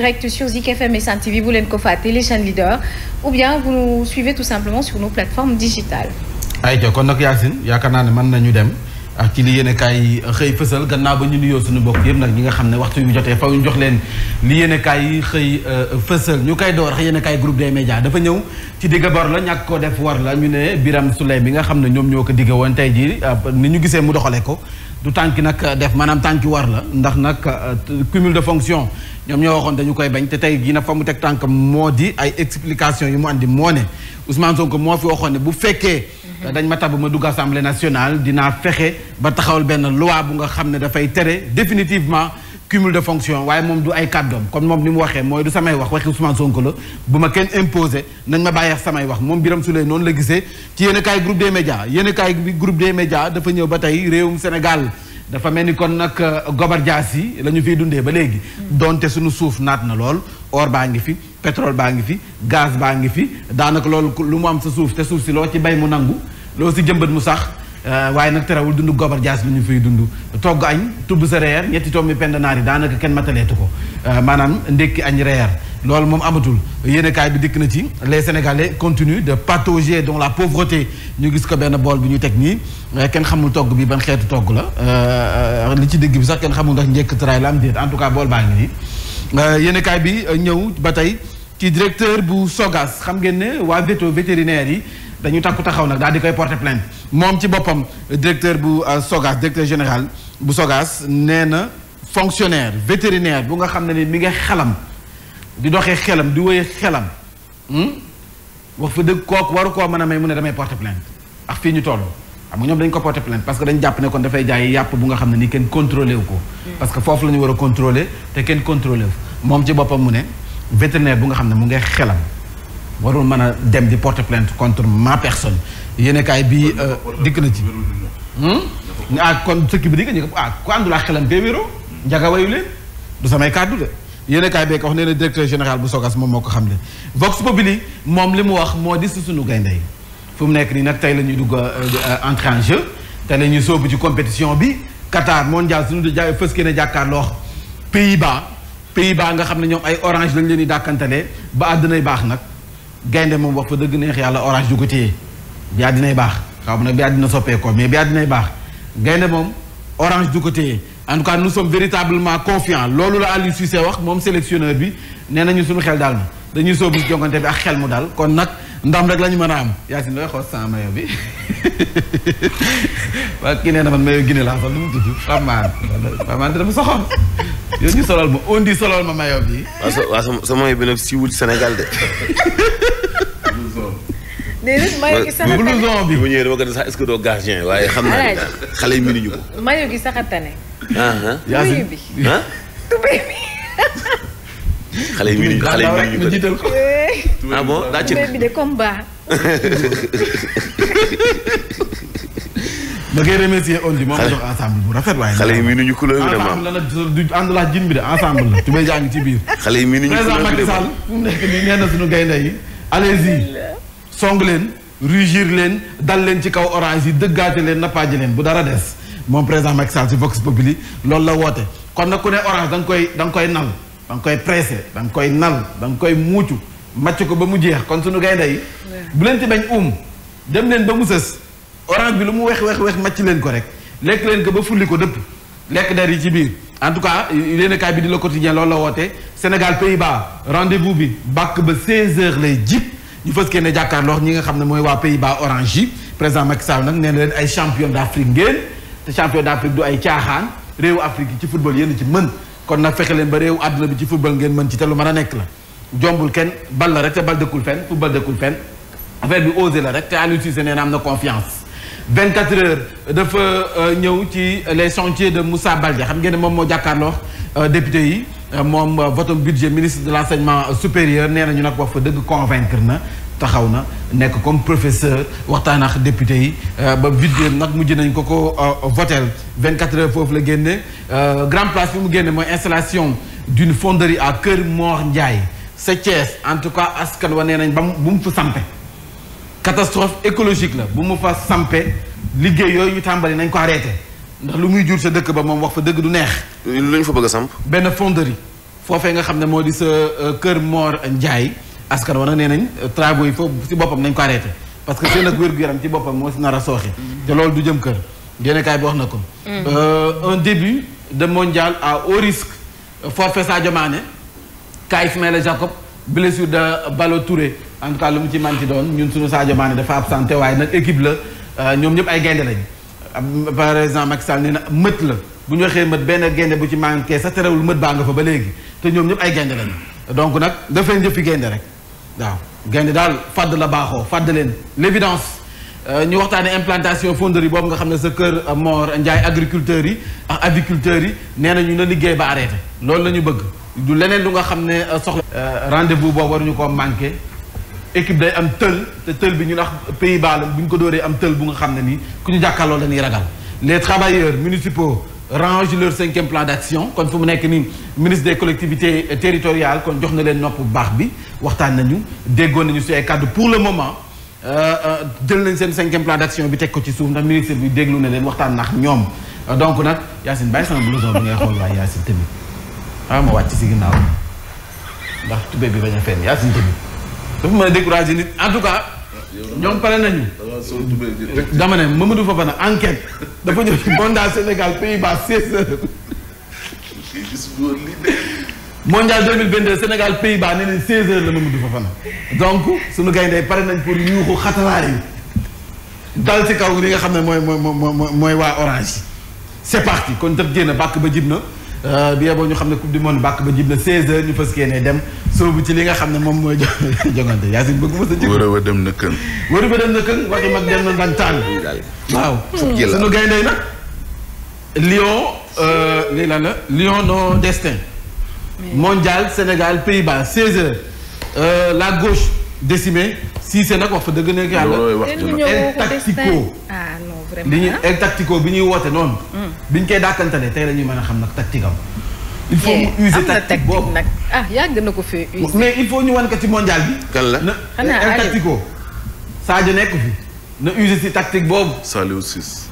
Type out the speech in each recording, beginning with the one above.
direct sur Zik FM et Sen TV bu leen ko fàtte les chaînes leaders ou bien vous nous suivez tout simplement sur nos plateformes digitales. ayca kon nag Yacine yaakaar naa ne mën nañu dem. ak ci li yéene kaay xëy fësal gannaaw ba ñu nuyoo suñu bokk yëpp nag ñi nga xam ne waxtu yu jotee faw ñu jox leen li yéene kaay xëy euh, fësal ñu koy door yéene kaay groupe des média dafa ñëw ci digga bor la ñàkk koo def war la ñu ne Biram Souley bi nga xam ne ñoom ñoo ko digga woon tey jii ah, ni ñu gisee mu doxalee ko du tànki nag def maanaam tànki war la ndax nag euh, cumul de fonction ñoom ñoo waxoon dañu koy bañ te tey gi nag fa mu teg tànk moo di ay explication yi mu andi moo Ousmane Sonko moo fi waxoon ne bu fekkee. dañ ma tabb ma dugg assemblée nationale dinaa fexe ba taxawal benn loi bu nga xam ne dafay tere définitivement cumule de fonction waaye moom du ay kàddoom kon moom ni mu waxee mooy du samay wax waxi Ousmane Sonko la bu ma kenn imposé nañ ma bàyyi samay wax moom su Souleye noonu la gisee. ci yéen kaay groupe de média yéen a kaay groupe des médias dafa ñëw ba tey réewum Sénégal. dafa mel ni kon nag euh, gobar jaas yi la ñu fiy dundee ba léegi. Mm. donte suñu suuf naat na lool baa ngi fi. pétrole baa ngi fi gaz baa ngi fi daanaka loolu lu mu am sa suuf te suuf si loo ci bay mu nangu loo si jëmbat mu sax euh, waaye nag terewul dundu gobar jaas bi ñu fiy dund togg añ tubb sa reer ñetti toom yi pend naar yi daanaka kenn mataleetu ko euh, maanaam ndékki añ reer loolu moom amatul yéenekaay bi dikk na ci les sénégalais continuent de patauger dans la pauvreté ñu gis ko benn bool bi ñu teg nii euh, kenn xamul togg bi ban xeetu togg la li ci dégg bi sax kenn xamul ndax njëkk tray la am déet en tout cas bool baa ngi nii bi ñëw ba tey ci directeur bu Sogas xam ngeen ne waa véto vétérinaire yi dañu takku taxaw nag daal di koy porter plainte moom ci boppam directeur bu euh, Sogas directeur général bu Sogas nee na fonctionnaire vétérinaire bu nga xam ne ni mi nga xelam di doxee xelam di wéyee xelam hmm, a may mu ne damay porter plainte ak fii ñu toll xam nga ñoom dañ ko porter plainte parce que dañ jàpp ne kon dafay jaay yàpp bu nga xam ne ni kenn contrôlé wu ko hmm. parce que foofu la ñu war a contrôlé te kenn contrôlé wu moom ci boppam mu ne vétérinaire bu nga xam ne mu ngay xelam warul mën a dem di porter plainte contre ma personne yéen kaay bi euh, dikk na ci. Hmm? ah kon sëkk bi di dikk ñu ko ah ku àndul ak xelam kay wéeroo. njaga wayu leen du samay kàddu de yéen kaay bee ko wax nee directeur général bu Sogas moom moo ko xam ne Vox Populi moom li mu wax moo di si sunu gaynde fu mu nekk nii nag tey la ñuy dugg euh, entrée en jeu tey la ñuy sóobu ci compétition bi Qatar mondial suñu jaay fës kee ne jàkkaarloo Pays-Bas. pays baa nga xam ne ñoom ay orange lañ leen di dàkkantalee ba àddinay baax nag gaynde moom wax fa dëgg neex yàlla orange du ko téye bi àddinay baax xaw ma nag bi àddina soppeekoo mais bi àddinay baax gaynde moom orange du ko téye en tout cas véritablement confiants loolu la Aliou Cissé wax moom sélectionneur bi nee nañu suñu xel daal na dañuy soobu jongante bi ak xel mu daal kon nag ndam rek lañu ñu mën a am Yacine looy xool sans maillot bi waa kii nee na man maillot Guinée laa sol lu mu tudd Fapal Fapal dafa soxal yow ñu solal ma on dit solal ma maillot bi. waaw sa waaw sa sa maillot bi nag siiwul bi bu ñëwee dama ko ne sax est doo gardien waaye xam naa ne xale yi mënuñu ko. maillot gi saxatane. Ah, ah. Yacine bi ah. tubéy bi. xale ko xale ko ah bon daa comme baax. ma koy remercier on di moom la jox ensemble bu rafet waaye. xale yi miinuñu couleur bi de maam la du ànd laa jin bi de ensemble la. tubéy may ngi ci biir. xale yi miinuñu couleur bi de président mu nekk nii nee na suñu gaynde yi. allez-y song leen rugir leen dal leen ci kaw orange yi dëggaate leen nappaaje leen bu dara des moom président Macky Sall ci Vox Populi loolu la woote kon nag ku ne orange da nga koy danga koy nal danga koy pressé da nga koy nal danga koy muucu. màcc ko ba mu jeex kon sunu gaynde yi bu leen ci bañ uum dem leen ba mu ses orange bi lu mu weex weex weex màcc leen ko rek lekk leen ko ba fulli ko dëpp lekk der yi ci biir en tout cas yéen kaay bi di Le Quotidien loolu la woote Sénégal Pays-Bas rendez-vous bi bàkk ba 16h lay jib ñu fës kenn jàkkaarloo ñi nga xam ne mooy waa Pays-Bas orange yi président Macky leen ay champion d'Afrique ngeen te champion d'Afrique du ay caaxaan réewu Afrique yi ci football yéen ci mën kon na fexe leen ba réewu àdduna bi ci football ngeen mën ci te lu mën a nekk la. jombul kenn bal la rek te bal dëkkul fenn fu bal dëkkul fenn affaire bi osé la rek te Aliou Cissé nee na am na confiance. 24 heures dafa euh, ñëw ci les chantiers de Moussa Baldé xam ngeen ne moom moo jàkkaarloo euh, député yi euh, moom votum budget ministre de l' enseignement supérieur nee na ñu nag wax fa dëgg convaincre na. taxaw na nekk comme professeur waxtaan ak député yi ba vidéo nag mujj nañ ko ko votel 24 heures foofu la génne grand place bi mu génne mooy installation d'une fonderie à Kër Mor Ndiaye sa en tout cas askan wa nee nañ ba bu mu fa sampe catastrophe écologique la bu mu fa sampe liggéey yooyu ñu tàmbali nañ ko arrêté ndax lu muy jur sa dëkk ba moom wax fa dëgg du neex. lu ñu fa bëgg a samp. benn fonderie foofee nga xam ne moo di sa euh, kër Mor Ndiaye askan wa nag nee nañ euh, travaux yi foofu si boppam nañ ko arrêté parce que seen ak wér-gu-yaram ci boppam moo si nar a sooxe. te loolu du jëm kër. génnekaay bi wax na ko. Mm. Euh, un début de mondial à haut risque forfait cas Ismaïla Jacob blessure de Ballo Touré en tout cas lu mu ci doon ñun suñu Sadio Mané dafa absenté waaye nag équipe la euh, ñoom ñëpp ay gaynde lañ par exemple Macky Sall nee na mët la bu ñu waxee mët benn gaynde bu ci manqué sa terewul mët baa nga fa ba léegi te ñoom ñëpp ay gaynde lañ donc nag dafay njëppi gaynde rek waaw gaynde daal fàdd la baaxoo fàdd leen l'évidence Euh, ñu waxtaanee implantation fonderie boobu nga xam ne sa kër euh, Mor Ndiaye agriculteurs yi ak aviculteurs yi nee na ñu na liggéey ba arrêté loolu la ñu bëgg du leneen lu nga xam ne euh, soxla. rendez-vous war ñu ko manqué équipe day am tël te tël bi ñu wax pays bala bu ñu ko dóoree am tël bu nga xam ne nii ku ñu jàkkaarloo lañuy ragal les travailleurs municipaux rangent leur cinquième plan d'action kon fu mu nekk nii ministre des collectivité territoriales kon jox na leen nopp bu baax bi waxtaan nañu déggoon nañu si ay pour le moment. Euh, euh, jël nañ seen cinquième plan d'action bi teg ko ci suuf ndax ministre bi déglu na leen waxtaan nax ñoom euh, donc nag Yacine bàyyi sama blouson bi ngay xool waaye Yacine tamit ah si ginnaaw tubé bi bañ a fenn Yacine dafa mën a découragé nit en tout cas. ñoom pare nañu. dama ne Mamadou Fofana enquête dafa ñëw ci Bonda Sénégal Pays-Bas 16 mondial 2022 Sénégal Pays-Bas nee na 16h la Mamadou Fofana donc sunu gaynde pare nañ pour yuuxu xatalaar yi dal ci kaw li nga xam ne mooy mooy mooy mooy waa orange yi. c'est parti kon daf génn bàkk ba jib na euh, bi yeboo ñu xam ne coupe du monde bàkk ba jib na 16h ñu fas yéene dem soobu ci li nga xam ne moom mooy jongante Yacine bëgg ma sa jëkkër. wërëb a dem na kën. wërëb a dem na kën waxi mag dem na ndantaan. waaw sunu gaynde nag. Lion euh, lii lan la Lion no destin. mondial Sénégal Pays-Bas 16h euh, la gauche décimée Cissé nag wax fa dëgg nekk yàlla El Tactico li bi ñuy woote noonu hmm. biñ ñu koy dàkkantale tey la ñuy mën a xam nag tactique am il faut eh, mu user tactique boobu ah yàgg na ko fee user mais il faut ñu wan ko ci mondial bi kan na El Tactico Sadio nekk fi na user si tactique boobu Saliou Ciss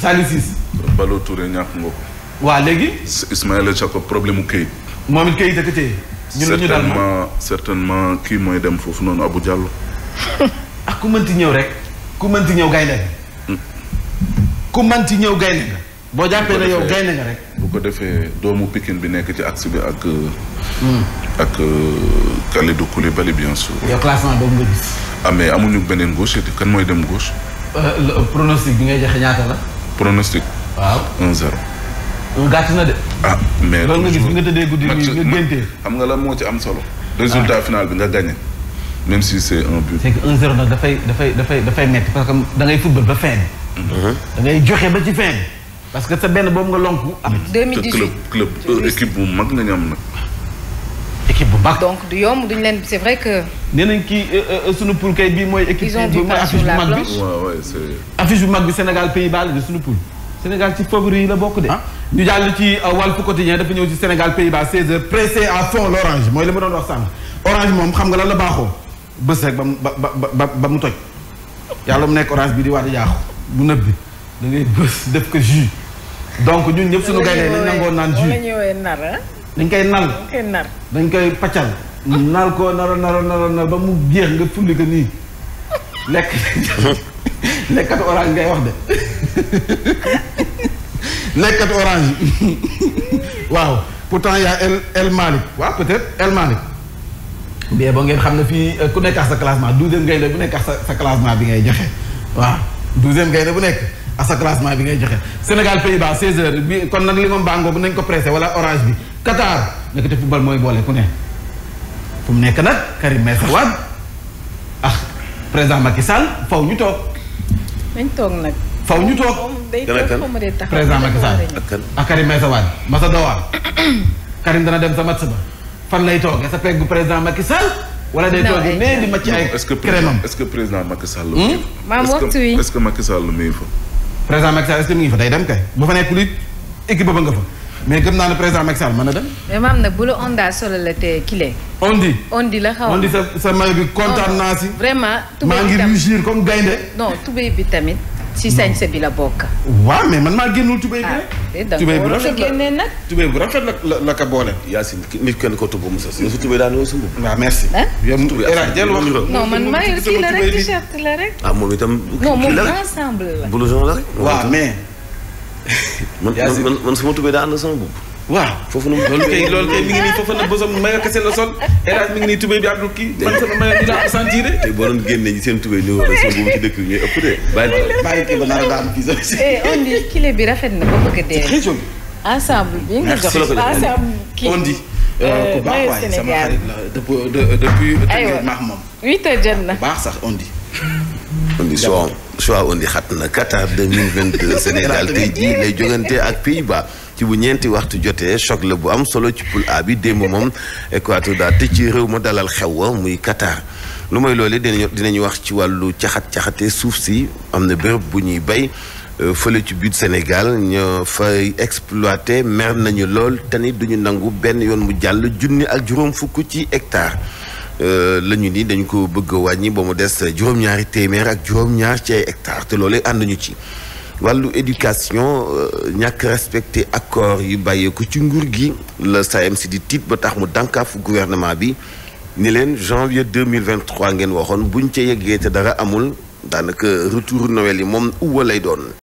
Saliou Ciss Ballo Touré ñàkk nga ko waa léegi sa Sakho problème u moom it kayit ak téye. ñun ñu daal certainement certainement kii mooy dem foofu noonu abu Diallo. ak ku mënti ñëw rek ku mënti ñëw gaynde nga. Hmm. ku mënti ñëw gaynde boo jàppee ne yow gaynde nga rek. bu ko defee doomu Pikine bi nekk ci axe bi ak. Euh, hmm. ak euh, Kalidou Koulibaly bien sûr. yow classement boobu nga gis. ah mais amuñu beneen gauche it kan mooy dem gauche. Euh, pronostic bi ngay joxe ñaata la. pronostic. waaw 1 na de. ah mais loolu nga gis bi nga tëddee guddi nii nga géntee xam nga la moo ci am solo. résultat ah. final bi nga gagné. même si c' un but. nag dafay dafay dafay dafay métti parce que da ngay football ba fin mhm. da ngay joxe ba ci fin parce que sa benn boobu nga lonku am. 2018 club club équipe bu mag nga ñam nag. équipe bu mag. donc du yomb duñ leen c' est vrai que. nee nañ kii euh, euh, euh, sunu poule kay bii mooy. équipe bi mooy affiche bu mag bi. waaw bu mag bi Sénégal Pays-Bas la suñu sunu Sénégal ci favori yi la bokk de. Ah. ñu jàll ci euh, Walf Quotidien dafa ñëw ci Sénégal Pays-Bas 16h pressé à fond l'orange mooy li ma doon wax sànq orange moom xam nga lan la baaxoo bés rek ba mu ba ba mu toj yàlla mu nekk orange bi di waat yaaxu bu nëb bi da ngay def ko jus donc ñun ñëpp suñu gaynde dañ nangoo naan jus ah? dañ koy nal dañ koy paccal nal ko naro naro naro nar ba mu jeex nga fulli ko nii lekk lekkatu orange ngay wax de nekkat orange waaw pourtant y' a El El Malick waaw peut-être El Malick. bien ba ngeen xam ne fii euh, ku nekk ak sa classement douzième gaynde bu nekk ak sa sa classement bi ngay joxe waaw douzième gaynde bu nekk ak sa classement bi ngay joxe Sénégal Pays-Bas 16h bi kon nag li moom bàngoo bu nañ ko pressé wala orange bi Qatar nekk te football mooy boole ku ne. fu mu nekk nag Karim Meïssa Wade ah président Macky Sall faw ñu toog. nañ toog nag. faw ñu toog. day dem sa match ba fan lay toogee sa peggu président ma Sall wala day toogee nee di màcc ay crémam est-ce que président Macky Sall que Macky Sall mu ngi fa président Macky mais gëm naa ne président Macky Sall mën na dem. mais maam nag bu la Onda e eh, solo la te bi kontaan naa si. vraiment tubéy bi tam maa ngi comme gaynde. tubéy bi tamit. ci sañse bi la bokk. waaw man maa génnul tubéy bi ah, rek. Eh, bu rafet la tubéy bu rafet la boole. Yacine kenn ko tubb Moussa si. yow su tubéy daal yow su mbub. waaw merci. yow mu non man maa yor kii la rek t-shirt la rek. ah moom itam. non moom ensemble la. blouson la rek. waaw mais. man man man sama tubéy daa ànd sama waaw foofu na loolu kay loolu ngi nii foofu na bosom maillot kese la sol Elhadj mi ngi nii tubéy bi àddul kii man sama maillot bi laa ko sentir de tey boo doon génne ñi seen tubéy ni bi ñooy ëpp de bàyyi bàyyi kii ba nar a daan kii sax eh, on dit bi rafet na ba bëgg a dee très joli ensemble bi nga jox ensemble kii on dit euh, euh, ku baax waay maax moom huit heures jot na baax sax ondi dit on dit soo soo on dit xat na Qatar 2022 Sénégal tey jii lay jógante ak Pays-Bas ci bu ñeenti waxtu jotee choc bu am solo ci poule A bi démb moom Équateur daa tëj ci réew ma dalal xew muy Qatar lu mooy loole dinañu dinañu wax ci wàllu caxat-caxate suuf si am na bërëb bu ñuy bay euh, fële ci biir Sénégal ñoo fay exploité mer nañu lool te duñu nangu benn yoon mu jàll junni ak juróom fukk ci hectare euh, la ñu ni dañ ko bëgg wàññi ba mu des juróom-ñaari téeméer ak juróom-ñaar ci ay te loole ànd ñu ci wàllu éducation euh, ñàkk respecté accord yu bàyyeeku ci nguur gi la SAEMS di tiit ba tax mu dànkaafu gouvernement bi ni leen janvier 2023 ngeen waxoon buñ ca yeggee te dara amul daanaka retour Noël yi moom uwa lay doon